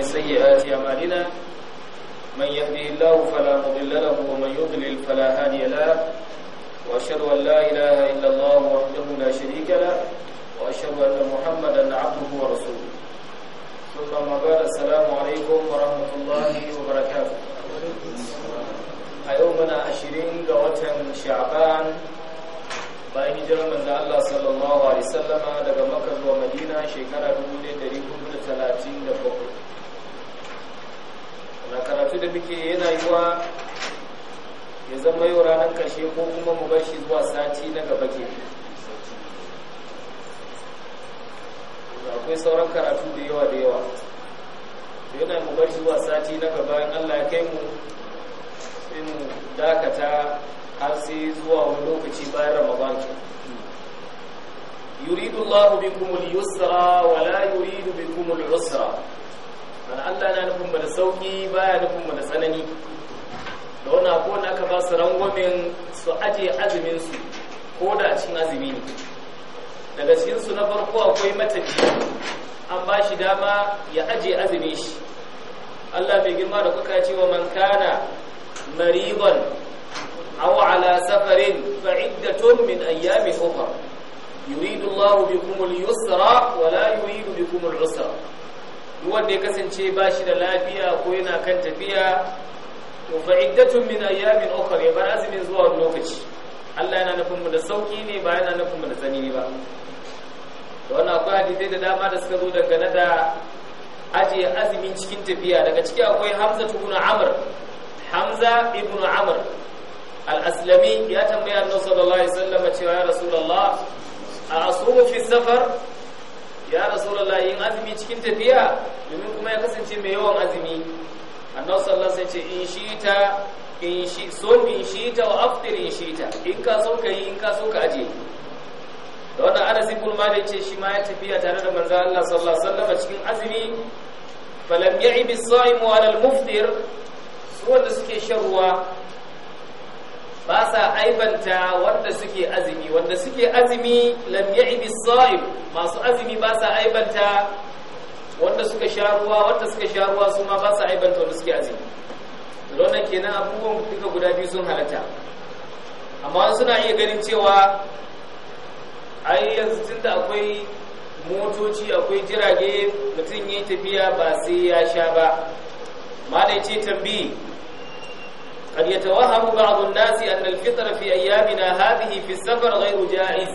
ومن سيئات أعمالنا من يهده الله فلا مضل له ومن يضلل فلا هادي له وأشهد أن لا إله إلا الله وحده لا شريك له وأشهد أن محمدا عبده ورسوله ثم ما بعد السلام عليكم ورحمة الله وبركاته أيومنا عشرين قوة شعبان bayan hijirar manzo Allah sallallahu alaihi wasallama daga Makka zuwa Madina shekara 1437 na karatu da muke yana yiwa ya zama yau ranar karshe ko kuma mu bar shi zuwa sati na gaba ke akwai sauran karatu da yawa da yawa yana mu bar shi zuwa sati na gaba in Allah ya kai mu in dakata har sai zuwa wani lokaci bayan Ramadan yuridu Allahu bikum al-yusra wa la yuridu bikum al-usra mana Allah na nufin mu da sauki baya nufin mu da tsanani da wani abu wani aka ba su rangwamin su aje azumin su ko da a cikin azumi ne daga cikinsu na farko akwai matafi an ba shi dama ya ajiye azumi shi Allah bai girma da kuka ce wa man kana mariban aw ala safarin fa iddatun min ayyamin ukhra yuridu Allahu bikum al-yusra wa la yuridu bikum al-usra wanda ya kasance ba shi da lafiya ko yana kan tafiya to fa iddatun min ayyamin ukhra ya bar azumin zuwa lokaci Allah yana nufin mu da sauki ne ba yana nufin mu da tsanani ba to wannan akwai hadisi da dama da suka zo dangane da ajiye azumin cikin tafiya daga ciki akwai Hamza ibn Amr Hamza ibn Amr al-Aslami ya tambaya Annabi sallallahu alaihi wasallam cewa ya Rasulullah a asumu fi safar ya rasulullahi yin azumi cikin tafiya domin kuma ya kasance mai yawan azumi annabi sallallahu alaihi wasallam in shita in shi so in shita wa aftir in shita in ka so ka yi in ka so ka aje da wannan Anas ibn Malik ce shi ma ya tafiya tare da manzo Allah sallallahu alaihi wasallam cikin azumi falam ya'ib as-sa'im 'ala al-muftir su wanda suke shan ruwa ba sa aibanta wanda suke azumi wanda suke azumi lam as sa'im masu azumi ba sa aibanta wanda suka sha ruwa wanda suka sha ruwa su ma ba sa aibanta wanda suke azumi nan kenan abubuwan duka guda biyu sun halatta amma suna iya ganin cewa ai yanzu tunda akwai motoci akwai jirage mutum yayi tafiya ba sai ya sha ba ma ce tambayi قد يتوهم بعض الناس أن الفطر في أيامنا هذه في السفر غير جائز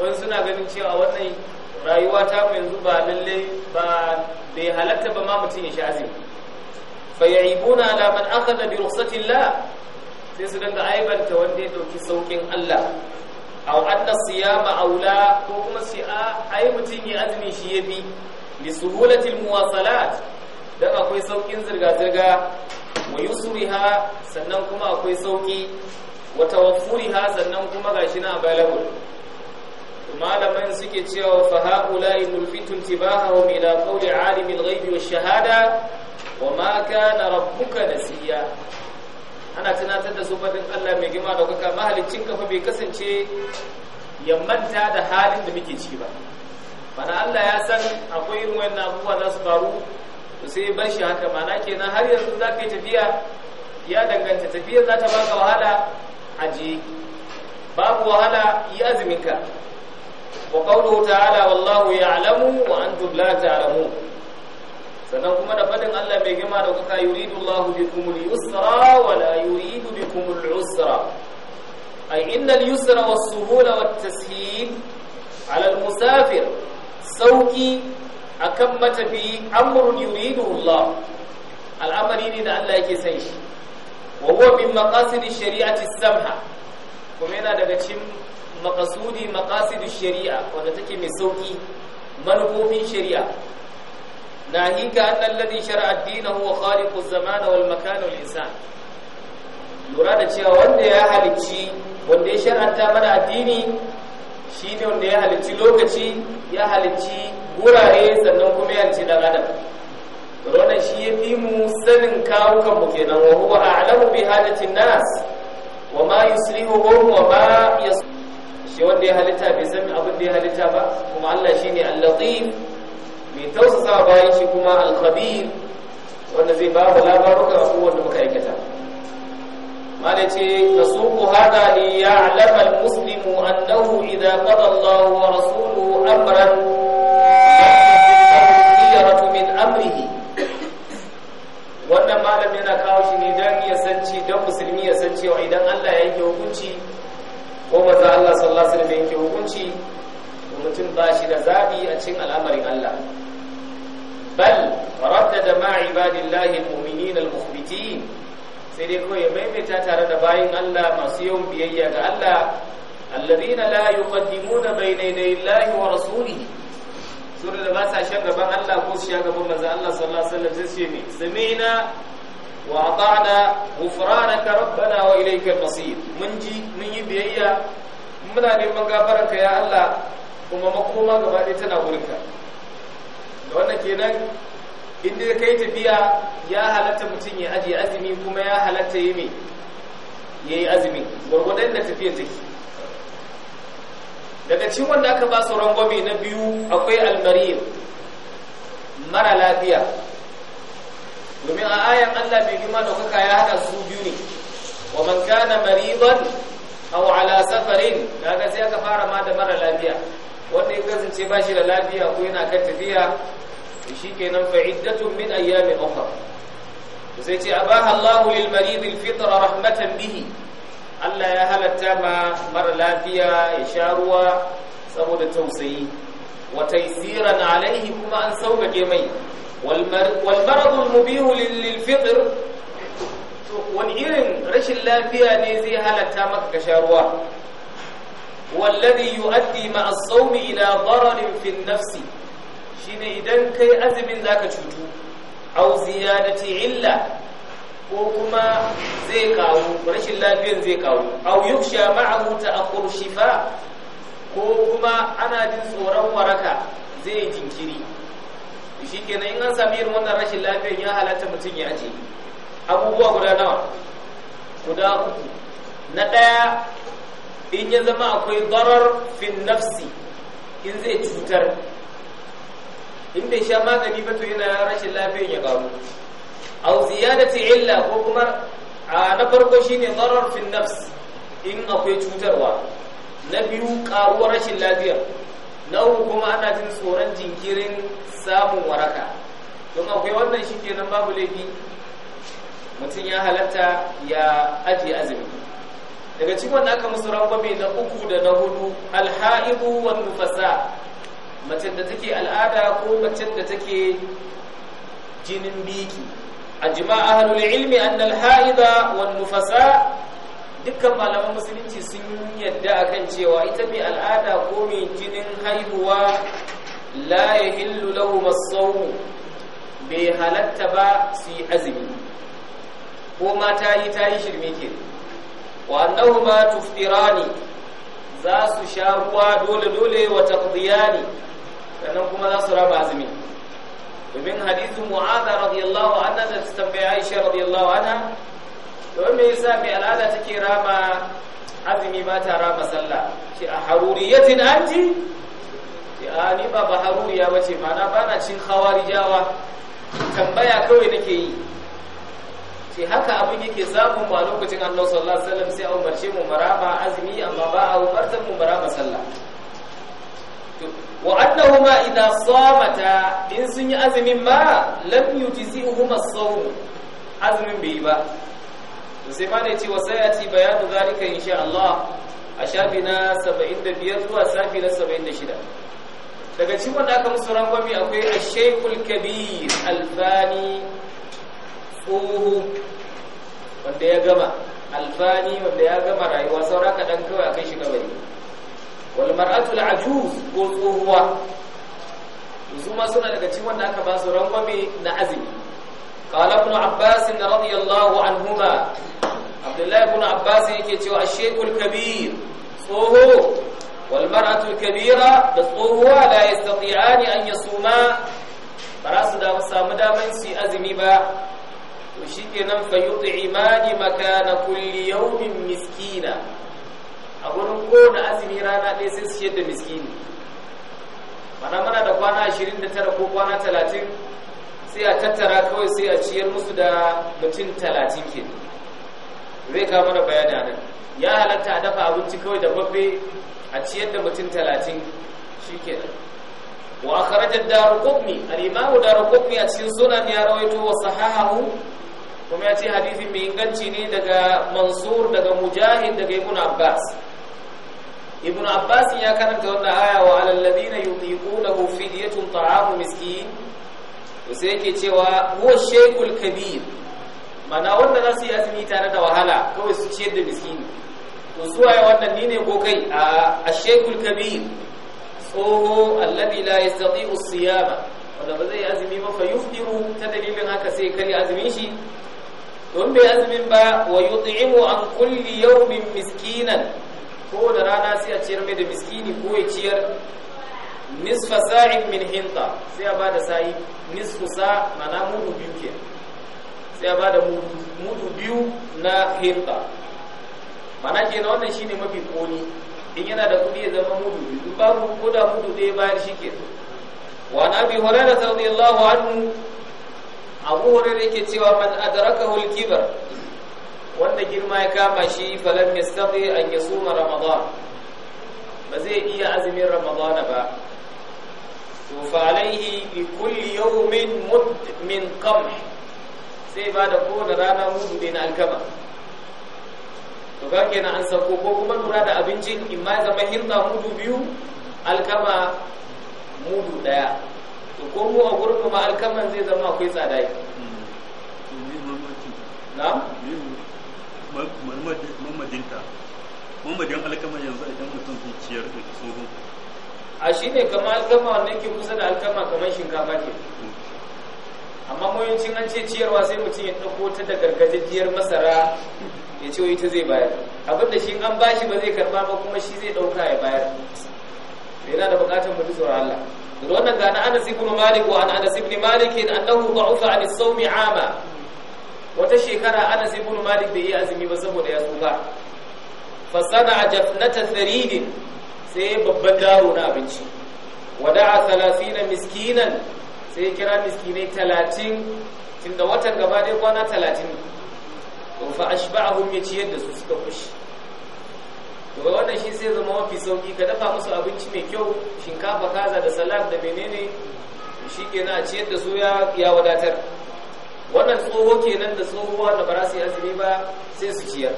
وانسنا قد شيء أولي رايواتا من زبا للي بهلت بما متين شازم فيعيبون على من أخذ برخصة الله سيسدن عيبا توديت كسوك الله أو أن الصيام أولى كوكما الشياء أي متين أزمي شيبي لسهولة المواصلات دقا كوي سوكين زرقا زرقا wa yusriha sannan kuma akwai sauki wa tawaffuriha sannan kuma gashi na balagul malaman suke cewa fa haula'i mulfitu tibahahum ila qawli alimil ghaibi wash shahada wa ma kana rabbuka nasiya ana tunatar da sufadin Allah mai gima da kuka mahalicin kafa bai kasance ya manta da halin da muke ciki ba bana Allah ya san akwai irin wannan abubuwa za su faru to sai bar shi haka mana kenan har yanzu za ka yi tafiya ya danganta tafiyar za ta baka wahala aji babu wahala yi azuminka wa ta ala wallahu ya'lamu wa antum la ta'lamun sannan kuma da fadin Allah mai gima da kuka yuridu Allahu bikum al-yusra wa la yuridu bikum al-usra yusra was-suhula wat-tasheel 'ala al-musafir sauki akan matafi amrun yuridullah al'amari ne da Allah yake san shi wa huwa min maqasidi shari'ati samha kuma yana daga cikin maqasudi maqasidi shari'a wanda take mai sauki manufofin shari'a nahika anna alladhi shar'a ad-dinahu wa khaliqu az-zaman wal makan wal insan lura da cewa wanda ya halicci wanda ya shar'anta mana addini shi ne wanda ya halicci lokaci ya halicci gurare sannan kuma ya halicci dan adam wannan shi ya fi mu sanin kawukan mu kenan wa huwa a'lamu bi halatin nas wa ma yusrihuhum wa ma yas shi wanda ya halitta bai san abin da ya halitta ba kuma Allah shine al-latif mai tausasa bayan shi kuma al-khabir wanda zai ba mu labaruka abubuwan da muka aikata mana ce ka suku hada li ya'lama al-muslimu annahu idza qada Allahu wa rasuluhu amran yaqdiratu min amrihi wannan malam yana kawo shi ne dan ya sanci don musulmi ya sanci wa idan Allah ya yanke hukunci ko manzo Allah sallallahu alaihi wasallam ya yi hukunci mutum ba shi da zabi a cikin al'amarin Allah bal raddada ma ibadillahi lahi muminina al-mukhbitin sai dai kawai ya maimaita tare da bayin Allah masu yawan biyayya ga Allah alladina la yuqaddimuna bayna yaday Allahi wa rasulihi sura da ba sa shan gaban Allah ko shi shan gaban manzo Allah sallallahu alaihi wasallam sai sami'na wa ata'na ghufranaka rabbana wa ilayka al-masir mun ji mun yi biyayya muna neman gafararka ya Allah kuma makoma gaba ɗaya tana wurinka da wannan kenan inda ya kai tafiya ya halatta mutum ya ajiye azumi kuma ya halatta ya yi azumi gwargwadon da tafiya take daga cin wanda aka ba su rangwame na biyu akwai almariyar mara lafiya domin a ayan allah mai girma da kuka ya haɗa su biyu ne wa man kana mariban aw ala safarin daga sai aka fara ma da mara lafiya wanda ya kasance ba shi da lafiya ko yana kan tafiya shi kenan fa'iddatun min ayyami ukhra sai ce abaha Allah lil marid al fitra rahmatan bihi Allah ya halatta ma mara lafiya ya sha ruwa saboda tausayi wa taysiran alaihi kuma an sauƙaƙe mai wal marad al mubih lil fitr wani irin rashin lafiya ne zai halatta maka ka sha ruwa والذي يؤدي مع الصوم إلى ضرر في النفس shine idan kai azumin zaka cutu au ziyadati illa ko kuma zai kawo rashin lafiyar zai kawo au yuksha ma'ahu ta'khur shifa ko kuma ana jin tsoron waraka zai jinkiri shikenan in an sami irin wannan rashin lafiyar ya halatta mutum ya ce abubuwa guda nawa guda uku na ɗaya in ya zama akwai darar fin nafsi in zai cutar in bai sha magani ba to yana rashin lafiyan ya karu aw ziyadati illa ko kuma na farko shine darar fi nafs in akwai cutarwa na biyu karuwar rashin lafiya na uku kuma ana jin tsoron jinkirin samun waraka don akwai wannan shike nan babu laifi mutum ya halatta ya ajiye azumi daga cikin wanda aka musu rangwame na uku da na hudu alha'ibu wa nufasa macen da take al'ada ko macen da take jinin biki ajma ahlul ilmi anna al-haida wan nufasa dukkan malaman musulunci sun yadda akan cewa ita mai al'ada ko mai jinin haihuwa la yahillu lahum as bai halatta ba su yi azumi ko ma ta yi ta yi shirme ke wa annahuma tuftirani za su sha ruwa dole dole wa taqdiyani sannan kuma za su raba azumi domin hadisin mu'adha radiyallahu anha da ta tambaye aisha radiyallahu anha To me yasa mai al'ada take raba azumi ba ta raba sallah ce a haruriyatin anti ce a ni ba ba haruriya ba ce mana ba na cin hawarijawa tambaya kawai nake yi ce haka abin yake samun ba lokacin annabi sallallahu alaihi wasallam sai a umarce mu maraba azumi amma ba a umartar mu maraba sallah wa annahuma idha samata in sun yi azumin ma lam yujzihuhuma as-sawm azumin bai ba sai ma ne ce wa sayati bayanu zalika insha Allah a shafi na 75 zuwa shafi na 76 daga cikin wanda aka musu rangwami akwai ash-shaykhul kabir al-fani uhu wanda ya gama alfani wanda ya gama rayuwa saura kaɗan kawai a kai shi gabari walmar'atul ajuz ko tsohuwa su ma suna daga cikin wanda aka ba su rangwame na azumi qala ibn abbas radiyallahu anhuma abdullahi ibn abbas yake cewa ash-shaykhul kabir tsoho walmar'atul kabira da tsohuwa la yastati'ani an yasuma ba su da samu daman su azumi ba to shikenan fa yut'imani makana kulli yawmin miskina a ko kowane azumi rana ɗaya sai su yadda miskini mana mana da kwana 29 ko kwana 30 sai a tattara kawai sai a ciyar musu da mutum 30 ke zai ka mana bayani a nan ya halatta a dafa abinci kawai da babbe a ciyar da mutum 30 shi ke nan wa a karajar darukubni al'imamu darukubni a cikin sunan ya rawaito wa sahahu kuma ya ce hadithin mai inganci ne daga mansur daga mujahid daga ibn abbas ibn abbas ya karanta wannan aya wa alal ladina yutiqunahu fidyatun ta'amu miskin to sai yake cewa huwa shaykhul kabir mana wanda zasu yi azumi tare da wahala kawai su ciyar da miskini to su wannan ni ne ko kai a ashekul kabir tsoho allabi la yastati'u siyama wanda ba zai azumi ba fa yufdiru ta dalilin haka sai kari azumin shi don bai azumin ba wa yut'imu an kulli yawmin miskinan ko da rana sai a ciyar mai da miskini ko ya ciyar nisfa sa'in min hinta sai a bada sa'i nisfu sa mana mudu biyu ke sai a bada mudu biyu na hinta mana ke na wannan shine mafi koni in yana da kudi ya zama mudu biyu babu ko da mudu ɗaya bayar shi ke wa na bi hurairah radiyallahu hannu. abu hurairah yake cewa man adrakahu al-kibar wanda girma ya kama shi falam yastati an suma ramadan ba zai iya azumin ramadan ba to fa alaihi bi kulli yawmin mud min sai ba da kowane rana mudu ne alkama to ga kenan an sako ko kuma lura da abincin in ma zama hinta mutu biyu alkama mudu daya to ko mu a alkaman zai zama akwai tsada hmm. na mamadinta mamadin alkama yanzu idan mutum zai ciyar da tsohon a shi ne kama alkama wanda yake kusa da alkama kamar shinkafa ke amma mayancin an ce ciyarwa sai mutum ya ɗauko ta da gargajiyar masara ya ce ita zai bayar abinda shi an bashi ba zai karba ba kuma shi zai ɗauka ya bayar yana da buƙatar mutu tsoron Allah wannan ga na Anas ibn Malik wa an Anas ibn Malik annahu ba'ufa an as-sawmi 'ama wata shekara ana sai ibn Malik bai yi azumi ba saboda ya tsufa fasana jafnata tharidin sai babban daro na abinci wada'a 30 miskinan sai kira miskinai 30 tunda watan gaba dai kwana 30 to fa ashba'ahum ya ciyar da su suka kushi to wannan shi sai zama mafi sauki ka dafa musu abinci mai kyau shinkafa kaza da salad da menene shi kenan a ciyar da su ya wadatar wannan tsoho kenan da tsohuwa da ba za su yi azumi ba sai su ciyar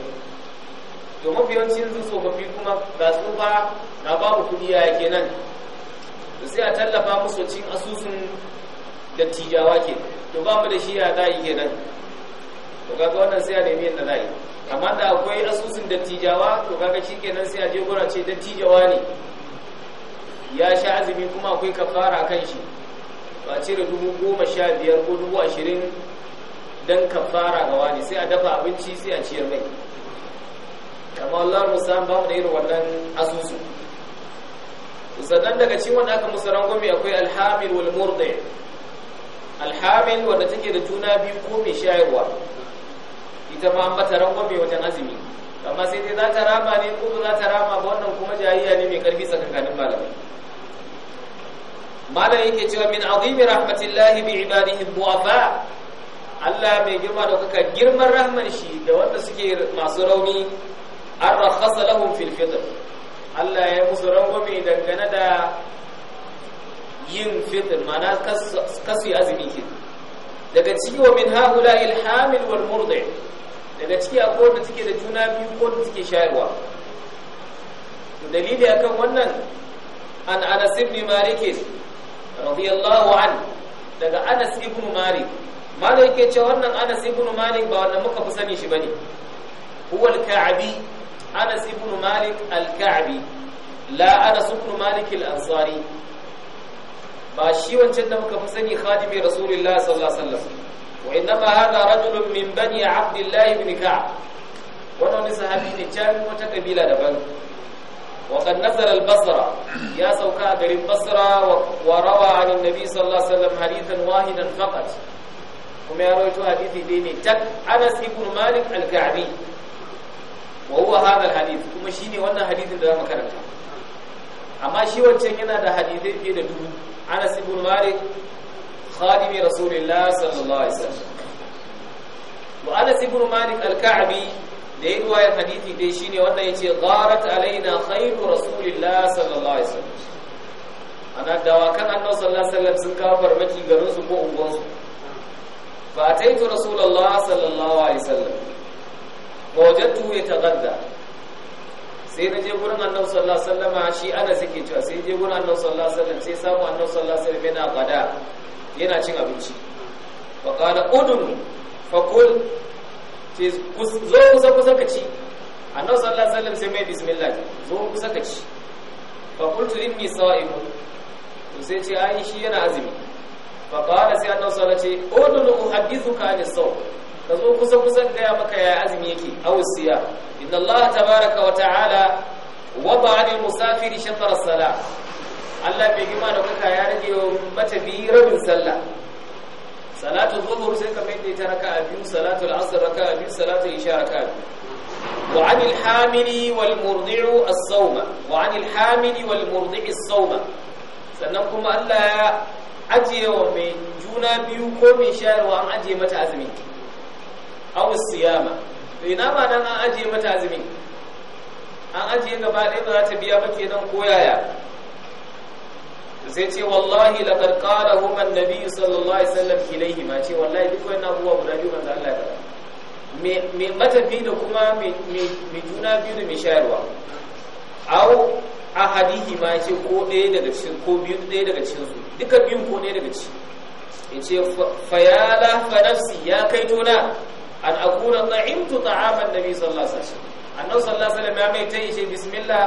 to mafi su tsofaffi kuma ga su na babu kuɗi ya kenan to sai a tallafa musu cin asusun dattijawa ke to ba mu da shi ya za yi kenan to kaga wannan sai a nemi yadda za yi amma da akwai asusun dattijawa to kaga shi kenan sai a je gura ce dattijawa ne ya sha azumi kuma akwai kafara kan shi ba cire dubu goma sha biyar ko dubu ashirin ka kafara ga wani sai a dafa abinci sai a ciyar mai Kamar Allah musamman ba mu da irin wannan asusu sannan daga cikin wanda aka musu rangwami akwai alhamil wal murdi alhamil wanda take da juna biyu ko mai shayarwa ita ma an bata rangwami wajen azumi amma sai dai za ta rama ne ko za ta rama ba wannan kuma jayayya ne mai karfi tsakankanin malamai malam yake cewa min azimi rahmatillahi bi ibadihi du'afa Allah mai girma da kuka girman rahman shi da wanda suke masu rauni an rafasa lahun filfitar Allah ya musu rangwame dangane da yin fitar mana kasu azumi ke daga ciki wa min haula ilhamil wal murda daga ciki a wanda suke da juna biyu ko da shayarwa dalili akan wannan an Anas ibn Malik radiyallahu an daga Anas ibn Malik malai yake ce wannan Anas ibn Malik ba wannan muka fi sani shi bane huwa al-Ka'bi Anas ibn Malik al-Ka'bi la Anas ibn Malik al-Ansari ba shi wancan da muka fi sani khadimi Rasulullah sallallahu alaihi wasallam wa innama hadha rajulun min bani Abdullah ibn Ka'b wannan wani sahabi ne can wata kabila daban وقد نزل البصرة يا سوكا غريب بصرة وروى عن النبي صلى الله عليه وسلم حديثا واحدا فقط kuma ya rawaito hadisi dai ne tak Anas ibn Malik al-Ka'bi wa huwa hadha al-hadith kuma shine wannan hadisin da zamu karanta amma shi wancan yana da hadisai fiye da dubu Anas ibn Malik khadimi Rasulullah sallallahu alaihi wasallam wa Anas ibn Malik al-Ka'bi da ya ruwaya hadisi dai shine wannan yace gharat alaina khairu Rasulullah sallallahu alaihi wasallam ana dawakan annabi sallallahu alaihi wasallam sun kawo farmaki garin su ko unguwansu فأتيت رسول الله صلى الله عليه وسلم فوجدته يتغدى sai na je gurin annabi sallallahu alaihi wasallam shi ana suke cewa sai je gurin annabi sallallahu alaihi wasallam sai samu annabi sallallahu alaihi wasallam yana gada yana cin abinci fa qala udum fa qul ce zo kusa kusa ka ci annabi sallallahu alaihi wasallam sai mai bismillah zo kusa ka ci fa qultu inni sa'im sai ce ai shi yana azumi fa qala sai annabi sallallahu alaihi wasallam ce udnu uhaddithuka an as-sawm kazo kusa kusa gaya maka ya azumi yake aw siya inna allaha tabaaraka wa ta'ala wada'a lil musafiri shafar as Allah bai gima da kuka ya rage wa mata matafi rabin sallah salatu zuhur sai ka mai ta raka'a biyu salatu al-asr raka'a biyu salatu isha raka'a biyu wa 'anil hamili wal murdi'u as-sawma wa 'anil hamili wal murdi'i as-sawma sannan kuma Allah ya ajiyewa mai juna biyu ko mai shayarwa an ajiye mata azumi wasu siyama to ina ba nan an ajiye mata azumi an ajiye gaba ɗaya ba za ta biya ba kenan ko yaya sai ce wallahi laqad qala huma an-nabi sallallahu alaihi wasallam ilayhi ma ce wallahi duk wannan abubuwa guda biyu manzo Allah ya faɗa me matafi da kuma me juna biyu da mai shayarwa aw ahadihi ma yace ko ɗaya daga cikin ko biyu ɗaya daga cikin su duka biyun ko ɗaya daga cikin yace fa ya la fa nafsi ya kai na an akuna ta'imtu ta'aman nabi sallallahu alaihi wasallam annabi sallallahu alaihi wasallam ya mai tayi ce bismillah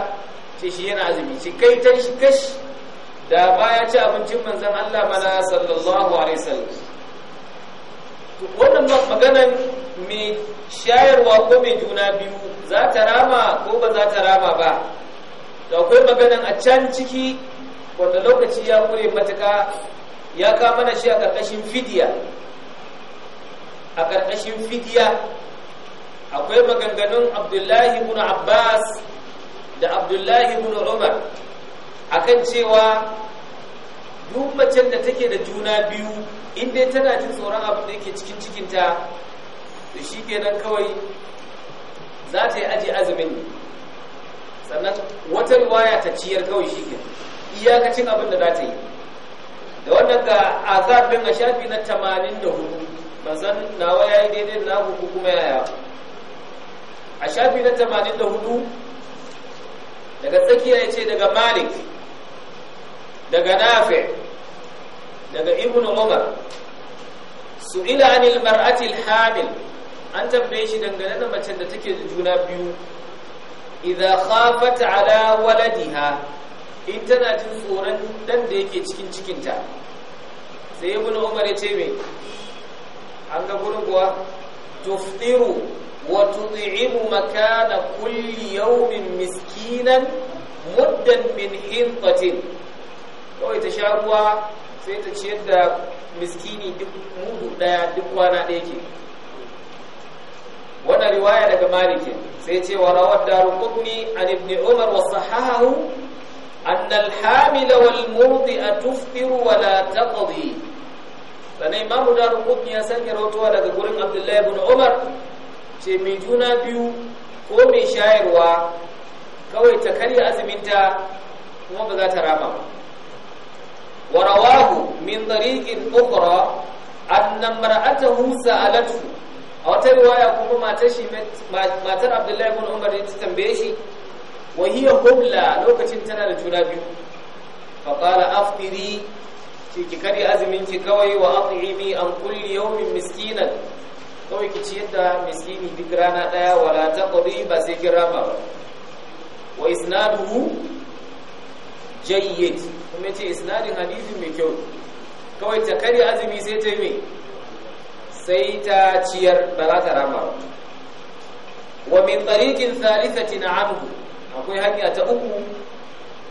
ce shi yana azumi ce kai tan shi kash da ba ya ci abincin manzon Allah mana sallallahu alaihi wasallam wannan maganan mai shayarwa ko mai juna biyu za ta rama ko ba za ta rama ba to akwai maganan a can ciki wanda lokaci ya kure matuka ya kama na shi a ƙarƙashin fidiya a ƙarƙashin fidiya akwai maganganun abdullahi ibn abbas da abdullahi ibn umar akan cewa duk macen da take da juna biyu inda tana jin tsoron abin da yake cikin cikinta da shi kenan kawai za ta yi aji azumin sannan wata ruwaya ta ciyar kawai shi ke iyakacin abin da za ta yi da wannan ga azab din a shafi na hudu ban san nawa yayi daidai na hudu kuma yaya a shafi na tamanin da hudu daga tsakiya ce daga Malik daga nafe daga Ibn Umar ila anil mar'atil hamil an tambaye shi dangane da mace da take juna biyu idza khafat ala waladiha in tana jin tsoron dan da yake cikin cikinta sai ibn umar ya ce me an ga gurin kuwa tufdiru wa tud'imu makana kulli yawmin miskinan muddan min hintatin kawai ta sha ruwa sai ta ciyar da miskini duk mudu daya duk kwana da ke wannan riwaya daga Malik sai ce wa rawad daruqutni an ibn Umar wa sahahu an al-hamil wal murdi'a tuftiru wa la taqdi sanai imamu daruqutni ya sake rawaitowa daga gurin Abdullah ibn Umar ce mai juna biyu ko mai shayarwa kawai ta karya azuminta kuma ba za ta rama wa rawahu min tariqin ukhra anna mar'atahu a wata riwaya kuma matar shi matar abdullahi ibn umar ta tambaye shi wa hiya hubla lokacin tana da juna biyu fa qala aftiri ki ki kare azumin ki kawai wa at'imi an kulli yawmin miskinan kawai ki ci yadda miskini duk rana daya wala taqdi ba sai kin raba ba wa isnaduhu jayyid kuma ce isnadin hadisi mai kyau kawai ta kadi azumi sai ta yi mai sai ta ciyar ba za ta rama wa min tariqin thalithatin anhu akwai hanya ta uku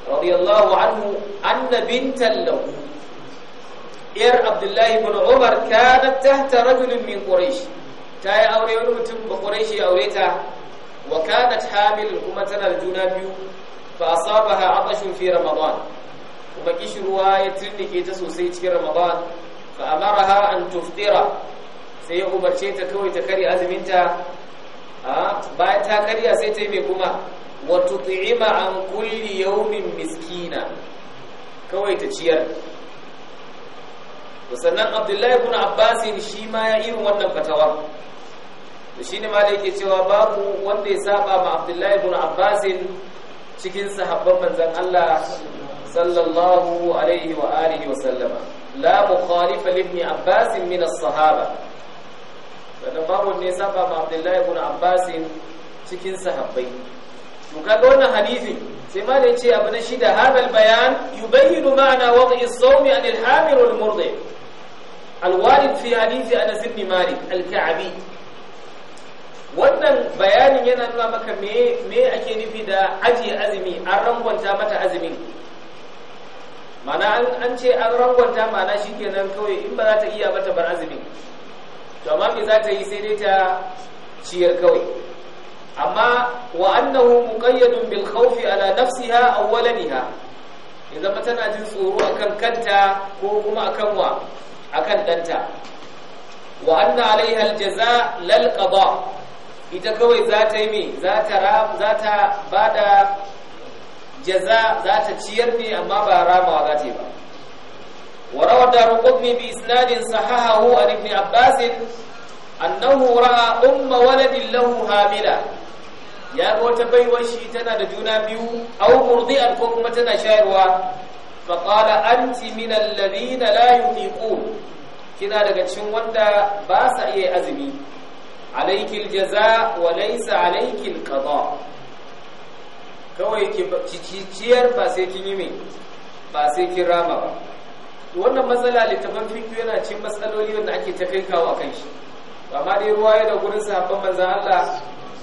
radiyallahu anhu anna bintan lahu yar abdullahi ibn umar kanat tahta rajulin min quraish ta yi aure wani mutum ba quraishi aure ta wa kanat hamil kuma tana da juna biyu fa asabaha atashun fi ramadan kuma kishruwa ya tirnike ta sosai cikin ramadan fa amaraha an tuftira sai ya umarce ta kawai ta kari azuminta bayan ta karya sai ta yi mai kuma wata tu'ima an kulli yaumin miskina kawai ta ciyar sannan abdullahi ibn abbasin shi ma ya irin wannan fatawar da ne ma da yake cewa babu wanda ya saba ma abdullahi ibn abbasin cikin sahabban manzon Allah sallallahu alaihi wa alihi wa sallama la mukhalifa ibn abbasin min sahaba wannan babu ne saba ma Abdullahi ibn Abbas cikin sahabbai to kaga wannan hadisin sai ma da yace abu na shida hadal bayan yubayyinu ma'ana wad'i as-sawmi an al-hamir al-murdi al-warid fi hadisi Anas ibn Malik al-Ka'bi wannan bayanin yana nuna maka me me ake nufi da aji azumi an rangwanta mata azumin mana an ce an rangwanta mana shikenan kawai in ba za ta iya mata bar azumin to amma za ta yi sai dai ta ciyar kawai amma wa annahu muqayyadun bil khawfi ala nafsiha aw waladiha idan mata tana jin tsoro akan kanta ko kuma akan wa akan danta wa anna alaiha aljaza lal qada ita kawai za ta yi mai za ta za ta bada jaza za ta ciyar ne amma ba ramawa za ta yi ba وروى الدارقطني بإسناد صححه عن ابن عباس أنه رأى أم ولد له هاملة يا قوت بيوشي تنا دجونا بيو أو مرضئا كوكما تنا شاروا فقال أنت من الذين لا يطيقون كنا دقتشن وندا باسا إيه أزمي عليك الجزاء وليس عليك القضاء kawai ki ciyar ba sai kin yi mai ba sai kin rama ba to wannan matsala littafan fiqh yana cin matsaloli wanda ake ta kai kawo kan shi amma dai ruwa ya da gurin sahabban manzon Allah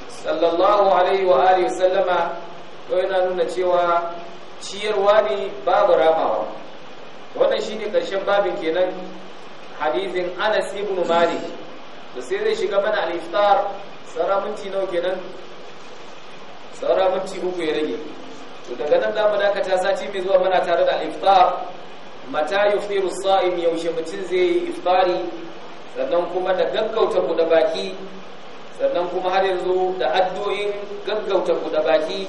sallallahu alaihi wa alihi wasallama to yana nuna cewa ciyarwa ne babu ramawa wannan shine karshen babin kenan hadithin Anas ibn Malik to sai zai shiga mana al-iftar sara minti nawa kenan sara minti uku ya rage to daga nan da mu dakata sati mai zuwa muna tare da al-iftar mata firu sa'im yaushe mutum zai yi ifari sannan kuma da gaggauta buɗe baki sannan kuma har yanzu da addu'in gaggauta buɗe baki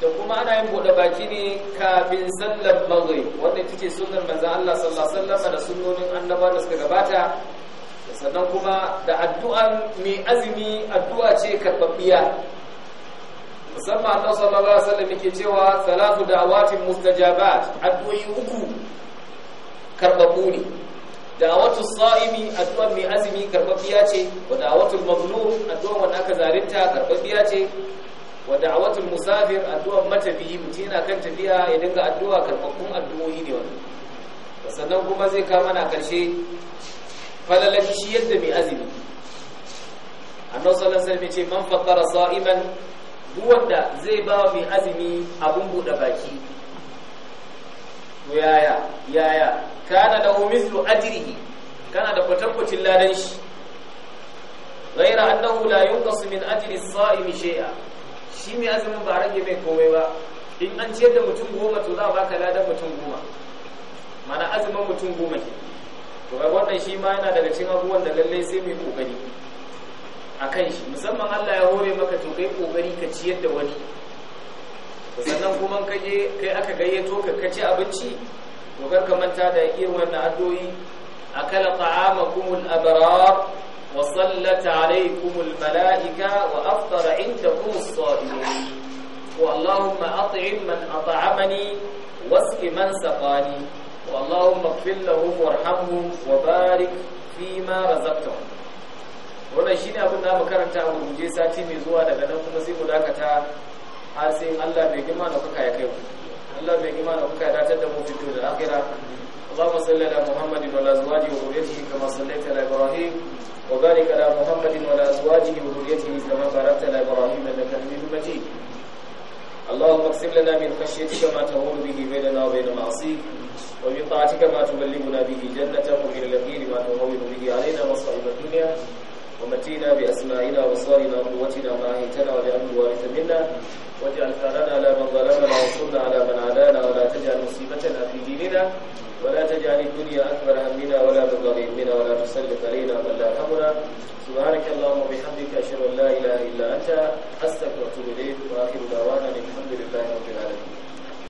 da kuma ana yin buɗe baki ne kafin sallar maghrib wanda kike sunan manzan Allah sallallahu alaihi wasallam da sunnonin annabawa da suka gabata sannan kuma da addu'an mai azumi addu'a ce karɓaɓɓiya musamman Allah sallallahu alaihi wasallam yake cewa salatu da'awatin mustajabat addu'o'i uku karbabu ne da'awatu sa'imi addu'a mai azumi karbabiya ce wa da'awatu mazlum addu'a wanda aka zalunta karbabiya ce wa da'awatu musafir addu'a matafiyi mutum yana kan tafiya ya dinga addu'a karbabbun addu'o'i ne wannan sannan kuma zai kama na karshe falalan shi yadda mai azumi annabi sallallahu alaihi ce man sa'iman duk wanda zai ba mai azumi abun bude baki to yaya yaya kana da mislu ajrihi kana da kwatankwacin ladan shi غير أنه لا min من أجل الصائم shay'a shi mai azumin ba rage mai komai ba in an ciyar da mutum goma to za a baka ladan mutum goma mana azumin mutum goma ke to ga wannan shi ma yana daga cikin abubuwan da lallai sai mai kokari akan shi musamman Allah ya hore maka to kai kokari ka ciyar da wani sannan kuma ka je kai aka gayyato ka kaci abinci to kar ka manta da irin wannan addu'o'i akala ta'amakumul abrar wa sallat alaykumul malaika wa afṭara 'indakumus ṣā'imun اللهم أطعم من أطعمني Wa من سقاني اللهم اغفر لهم وارحمهم وبارك فيما رزقتهم wannan shine abin da muka karanta a gurguje sati mai zuwa daga nan kuma sai mu dakata har sai Allah mai girma da kuka ya kai ku Allah mai girma da kuka ya dace da mu fito da akhira Allahumma salli ala Muhammadin wa ala azwajihi wa dhurriyyatihi kama sallaita ala Ibrahim wa barik ala Muhammadin wa ala azwajihi wa dhurriyyatihi kama barakta ala Ibrahim innaka Hamid Majid اللهم اكسب لنا من خشيتك ما تهون به بيننا وبين معصيك ومن طاعتك ما تبلغنا به جنتك ومن اليقين ما تهون به علينا مصائب الدنيا ومتينا باسمائنا وصالنا وقوتنا ما اهيتنا ولان الوارث منا واجعل ثارنا على من ظلمنا وانصرنا على من عادانا ولا تجعل مصيبتنا في ديننا ولا تجعل الدنيا أكبر همنا ولا مبلغ همنا ولا تسلط علينا من لا يرحمنا سبحانك اللهم وبحمدك أشهد أن لا إله إلا أنت أستغفرك وأتوب إليك وآخر دعوانا الحمد لله رب العالمين